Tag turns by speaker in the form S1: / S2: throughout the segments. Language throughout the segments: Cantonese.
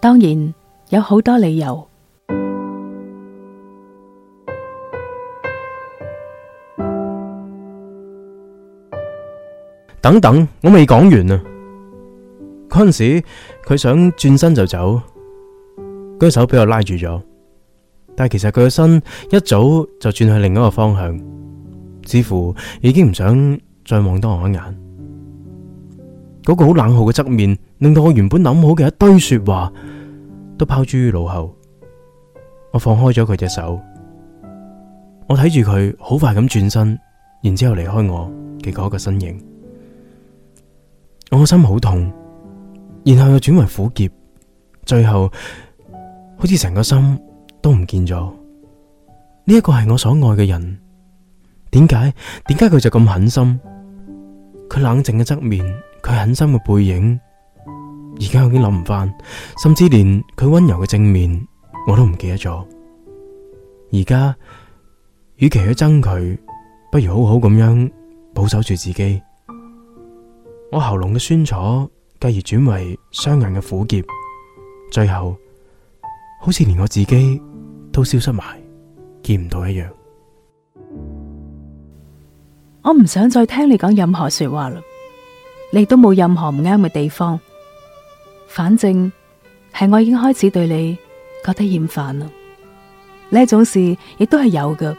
S1: 當然有好多理由。
S2: 等等，我未講完啊！嗰陣時佢想轉身就走，佢手俾我拉住咗，但係其實佢個身一早就轉去另一個方向，似乎已經唔想再望多我一眼。嗰個好冷酷嘅側面，令到我原本諗好嘅一堆說話都拋諸於腦後。我放開咗佢隻手，我睇住佢好快咁轉身，然之後離開我嘅嗰個身影。我個心好痛，然後又轉為苦澀，最後好似成個心都唔見咗。呢一個係我所愛嘅人，點解？點解佢就咁狠心？佢冷靜嘅側面。佢狠心嘅背影，而家我已經諗唔翻，甚至連佢溫柔嘅正面我都唔記得咗。而家與其去憎佢，不如好好咁樣保守住自己。我喉嚨嘅酸楚，繼而轉為雙眼嘅苦澀，最後好似連我自己都消失埋，見唔到一樣。
S1: 我唔想再聽你講任何說話啦。你都冇任何唔啱嘅地方，反正係我已經開始對你覺得厭煩啦。呢種事亦都係有嘅，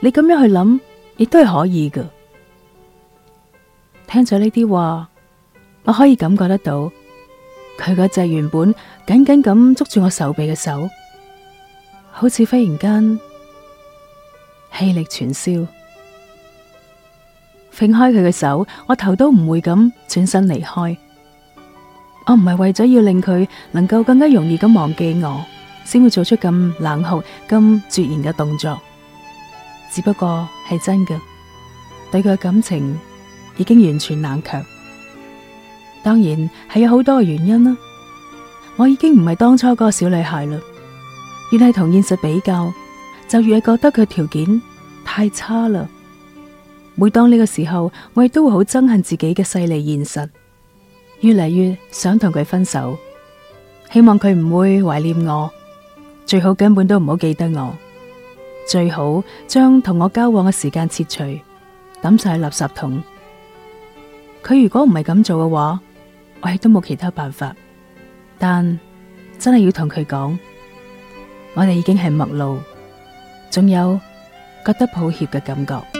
S1: 你咁樣去諗亦都係可以嘅。聽咗呢啲話，我可以感覺得到佢個隻原本緊緊咁捉住我手臂嘅手，好似忽然間氣力全消。拼開佢嘅手，我頭都唔會咁轉身離開。我唔係為咗要令佢能夠更加容易咁忘記我，先會做出咁冷酷、咁絕然嘅動作。只不過係真嘅，對佢嘅感情已經完全冷卻。當然係有好多嘅原因啦。我已經唔係當初嗰個小女孩啦，越係同現實比較，就越係覺得佢條件太差啦。每當呢個時候，我亦都會好憎恨自己嘅勢利現實，越嚟越想同佢分手，希望佢唔會懷念我，最好根本都唔好記得我，最好將同我交往嘅時間切除，抌晒垃圾桶。佢如果唔係咁做嘅話，我亦都冇其他辦法。但真係要同佢講，我哋已經係陌路，仲有覺得抱歉嘅感覺。